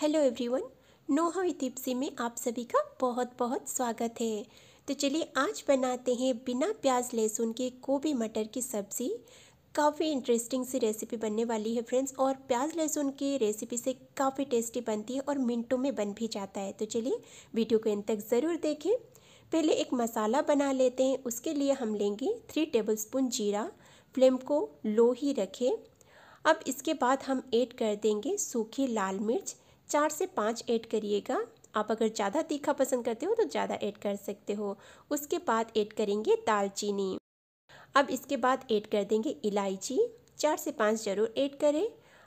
hello everyone नोहा इतिप्सी में आप सभी का बहुत बहुत स्वागत है तो चलिए आज बनाते हैं बिना प्याज लहसुन के गोभी मटर की सब्ज़ी काफ़ी इंटरेस्टिंग सी रेसिपी बनने वाली है फ्रेंड्स और प्याज लहसुन की रेसिपी से काफ़ी टेस्टी बनती है और मिनटों में बन भी जाता है तो चलिए वीडियो को इन तक ज़रूर देखें पहले एक मसाला बना लेते हैं उसके लिए हम लेंगे थ्री टेबल जीरा फ्लेम को लो ही रखें अब इसके बाद हम ऐड कर देंगे सूखी लाल मिर्च चार से पाँच ऐड करिएगा आप अगर ज़्यादा तीखा पसंद करते हो तो ज़्यादा ऐड कर सकते हो उसके बाद ऐड करेंगे दालचीनी अब इसके बाद ऐड कर देंगे इलायची चार से पाँच ज़रूर ऐड करें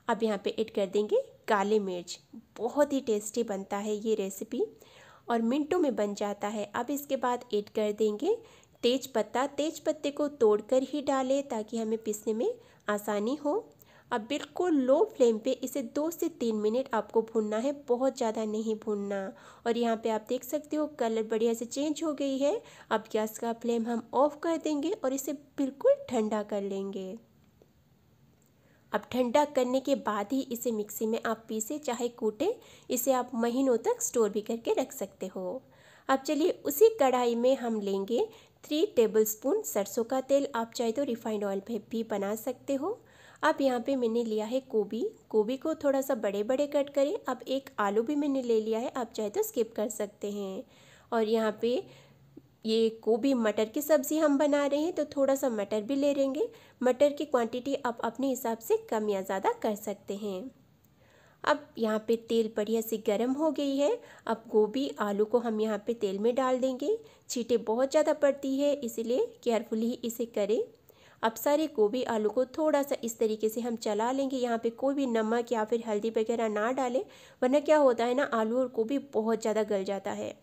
अब यहाँ पे ऐड कर देंगे काले मिर्च बहुत ही टेस्टी बनता है ये रेसिपी और मिनटों में बन जाता है अब इसके बाद ऐड कर देंगे तेज पत्ता तेज पत्ते को तोड़कर ही डालें ताकि हमें पीसने में आसानी हो अब बिल्कुल लो फ्लेम पे इसे दो से तीन मिनट आपको भूनना है बहुत ज़्यादा नहीं भूनना और यहाँ पे आप देख सकते हो कलर बढ़िया से चेंज हो गई है अब गैस का फ्लेम हम ऑफ़ कर देंगे और इसे बिल्कुल ठंडा कर लेंगे अब ठंडा करने के बाद ही इसे मिक्सी में आप पीसे चाहे कूटे इसे आप महीनों तक स्टोर भी करके रख सकते हो अब चलिए उसी कढ़ाई में हम लेंगे थ्री टेबलस्पून सरसों का तेल आप चाहे तो रिफाइंड ऑयल पे भी बना सकते हो अब यहाँ पे मैंने लिया है गोभी गोभी को थोड़ा सा बड़े बड़े कट करें अब एक आलू भी मैंने ले लिया है आप चाहे तो स्किप कर सकते हैं और यहाँ पे ये गोभी मटर की सब्ज़ी हम बना रहे हैं तो थोड़ा सा मटर भी ले लेंगे मटर की क्वांटिटी आप अपने हिसाब से कम या ज़्यादा कर सकते हैं अब यहाँ पे तेल बढ़िया से गर्म हो गई है अब गोभी आलू को हम यहाँ पे तेल में डाल देंगे छीटे बहुत ज़्यादा पड़ती है इसलिए केयरफुली इसे करें अब सारे गोभी आलू को थोड़ा सा इस तरीके से हम चला लेंगे यहाँ पे कोई भी नमक या फिर हल्दी वगैरह ना डालें वरना क्या होता है ना आलू और गोभी बहुत ज़्यादा गल जाता है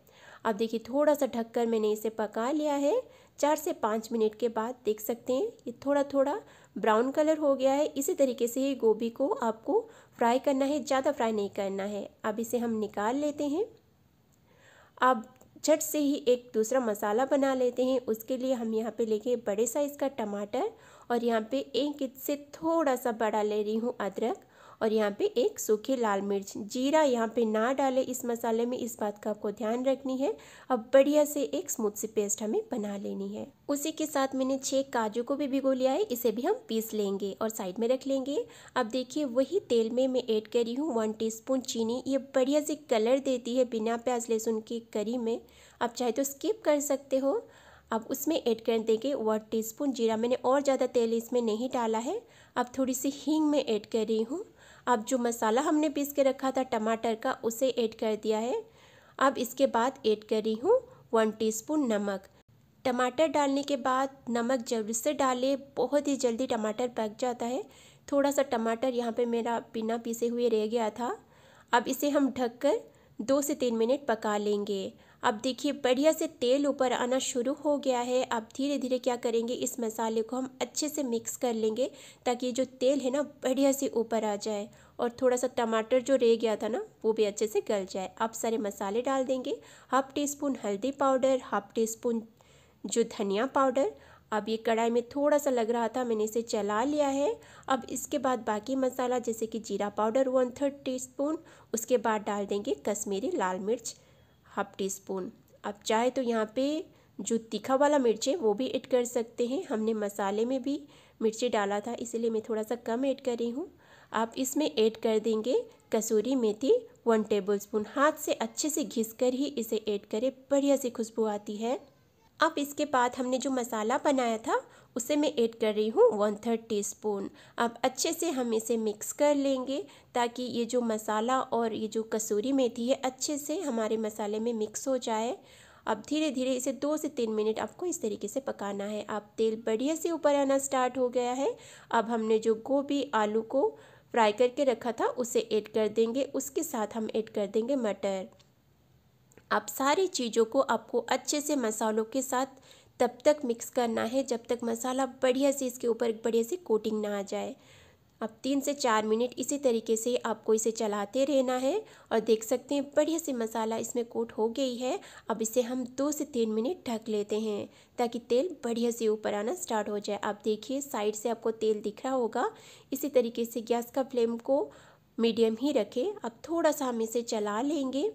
अब देखिए थोड़ा सा ढककर मैंने इसे पका लिया है चार से पाँच मिनट के बाद देख सकते हैं ये थोड़ा थोड़ा ब्राउन कलर हो गया है इसी तरीके से ही गोभी को आपको फ्राई करना है ज़्यादा फ्राई नहीं करना है अब इसे हम निकाल लेते हैं अब झट से ही एक दूसरा मसाला बना लेते हैं उसके लिए हम यहाँ पे लेंगे बड़े साइज़ का टमाटर और यहाँ पे एक इंच से थोड़ा सा बड़ा ले रही हूँ अदरक और यहाँ पे एक सूखी लाल मिर्च जीरा यहाँ पे ना डालें इस मसाले में इस बात का आपको ध्यान रखनी है अब बढ़िया से एक स्मूथ सी पेस्ट हमें बना लेनी है उसी के साथ मैंने छः काजू को भी भिगो लिया है इसे भी हम पीस लेंगे और साइड में रख लेंगे अब देखिए वही तेल में मैं ऐड कर रही हूँ वन टी चीनी ये बढ़िया से कलर देती है बिना प्याज लहसुन की करी में आप चाहे तो स्किप कर सकते हो अब उसमें ऐड कर देंगे वन टीस्पून जीरा मैंने और ज़्यादा तेल इसमें नहीं डाला है अब थोड़ी सी हींग में ऐड कर रही हूँ अब जो मसाला हमने पीस के रखा था टमाटर का उसे ऐड कर दिया है अब इसके बाद ऐड रही हूँ वन टीस्पून नमक टमाटर डालने के बाद नमक जरूर से डालें बहुत ही जल्दी टमाटर पक जाता है थोड़ा सा टमाटर यहाँ पे मेरा बिना पीसे हुए रह गया था अब इसे हम ढककर दो से तीन मिनट पका लेंगे अब देखिए बढ़िया से तेल ऊपर आना शुरू हो गया है अब धीरे धीरे क्या करेंगे इस मसाले को हम अच्छे से मिक्स कर लेंगे ताकि जो तेल है ना बढ़िया से ऊपर आ जाए और थोड़ा सा टमाटर जो रह गया था ना वो भी अच्छे से गल जाए आप सारे मसाले डाल देंगे हाफ टी स्पून हल्दी पाउडर हाफ टी स्पून जो धनिया पाउडर अब ये कढ़ाई में थोड़ा सा लग रहा था मैंने इसे चला लिया है अब इसके बाद बाकी मसाला जैसे कि जीरा powder one third teaspoon उसके बाद डाल देंगे कश्मीरी लाल मिर्च हाफ टी स्पून आप चाहे तो यहाँ पे जो तीखा वाला मिर्च है वो भी ऐड कर सकते हैं हमने मसाले में भी मिर्ची डाला था इसलिए मैं थोड़ा सा कम ऐड कर रही हूँ आप इसमें ऐड कर देंगे कसूरी मेथी वन टेबल स्पून हाथ से अच्छे से घिस कर ही इसे ऐड करें बढ़िया से खुशबू आती है अब इसके बाद हमने जो मसाला बनाया था उसे मैं ऐड कर रही हूँ वन थर्ड टी स्पून अब अच्छे से हम इसे मिक्स कर लेंगे ताकि ये जो मसाला और ये जो कसूरी मेथी है अच्छे से हमारे मसाले में मिक्स हो जाए अब धीरे धीरे इसे दो से तीन मिनट आपको इस तरीके से पकाना है अब तेल बढ़िया से ऊपर आना स्टार्ट हो गया है अब हमने जो गोभी आलू को फ्राई करके रखा था उसे ऐड कर देंगे उसके साथ हम ऐड कर देंगे मटर आप सारी चीज़ों को आपको अच्छे से मसालों के साथ तब तक मिक्स करना है जब तक मसाला बढ़िया से इसके ऊपर बढ़िया से कोटिंग ना आ जाए अब तीन से चार मिनट इसी तरीके से आपको इसे चलाते रहना है और देख सकते हैं बढ़िया से मसाला इसमें कोट हो गई है अब इसे हम दो से तीन मिनट ढक लेते हैं ताकि तेल बढ़िया से ऊपर आना स्टार्ट हो जाए आप देखिए साइड से आपको तेल दिख रहा होगा इसी तरीके से गैस का फ्लेम को मीडियम ही रखें अब थोड़ा सा हम इसे चला लेंगे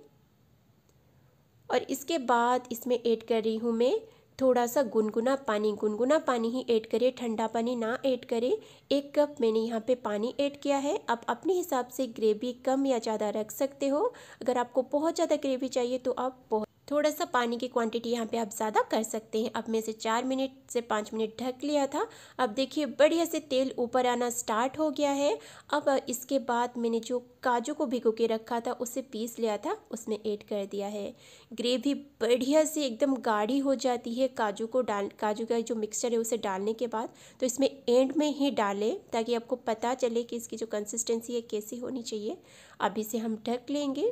और इसके बाद इसमें ऐड कर रही हूँ मैं थोड़ा सा गुनगुना पानी गुनगुना पानी ही ऐड करें ठंडा पानी ना ऐड करें एक कप मैंने यहाँ पे पानी ऐड किया है आप अपने हिसाब से ग्रेवी कम या ज़्यादा रख सकते हो अगर आपको बहुत ज़्यादा ग्रेवी चाहिए तो आप बहुत थोड़ा सा पानी की क्वांटिटी यहाँ पे आप ज़्यादा कर सकते हैं अब मैं इसे चार मिनट से पाँच मिनट ढक लिया था अब देखिए बढ़िया से तेल ऊपर आना स्टार्ट हो गया है अब इसके बाद मैंने जो काजू को भिगो के रखा था उसे पीस लिया था उसमें ऐड कर दिया है ग्रेवी बढ़िया से एकदम गाढ़ी हो जाती है काजू को डाल काजू का जो मिक्सचर है उसे डालने के बाद तो इसमें एंड में ही डालें ताकि आपको पता चले कि इसकी जो कंसिस्टेंसी है कैसी होनी चाहिए अभी इसे हम ढक लेंगे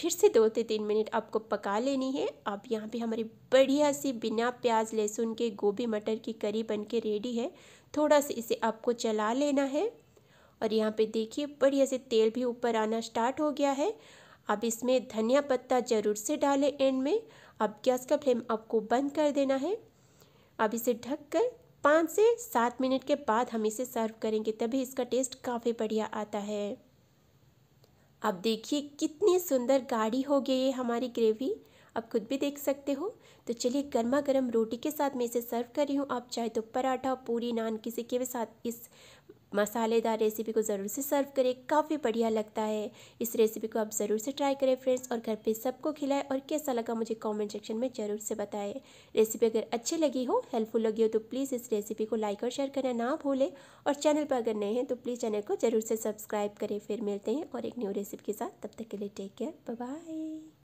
फिर से दो से तीन मिनट आपको पका लेनी है अब यहाँ पे हमारी बढ़िया सी बिना प्याज लहसुन के गोभी मटर की करी बन के रेडी है थोड़ा सा इसे आपको चला लेना है और यहाँ पे देखिए बढ़िया से तेल भी ऊपर आना स्टार्ट हो गया है अब इसमें धनिया पत्ता ज़रूर से डालें एंड में अब गैस का फ्लेम आपको बंद कर देना है अब इसे ढक कर पाँच से सात मिनट के बाद हम इसे सर्व करेंगे तभी इसका टेस्ट काफ़ी बढ़िया आता है अब देखिए कितनी सुंदर गाढ़ी हो गई है हमारी ग्रेवी आप खुद भी देख सकते हो तो चलिए गर्मा गर्म रोटी के साथ मैं इसे सर्व कर रही हूँ आप चाहे तो पराठा पूरी नान किसी के भी साथ इस मसालेदार रेसिपी को ज़रूर से सर्व करें काफ़ी बढ़िया लगता है इस रेसिपी को आप ज़रूर से ट्राई करें फ्रेंड्स और घर पे सबको खिलाएं और कैसा लगा मुझे कमेंट सेक्शन में ज़रूर से बताएं रेसिपी अगर अच्छी लगी हो हेल्पफुल लगी हो तो प्लीज़ इस रेसिपी को लाइक और शेयर करना ना भूलें और चैनल पर अगर नए हैं तो प्लीज़ चैनल को ज़रूर से सब्सक्राइब करें फिर मिलते हैं और एक न्यू रेसिपी के साथ तब तक के लिए टेक केयर बाय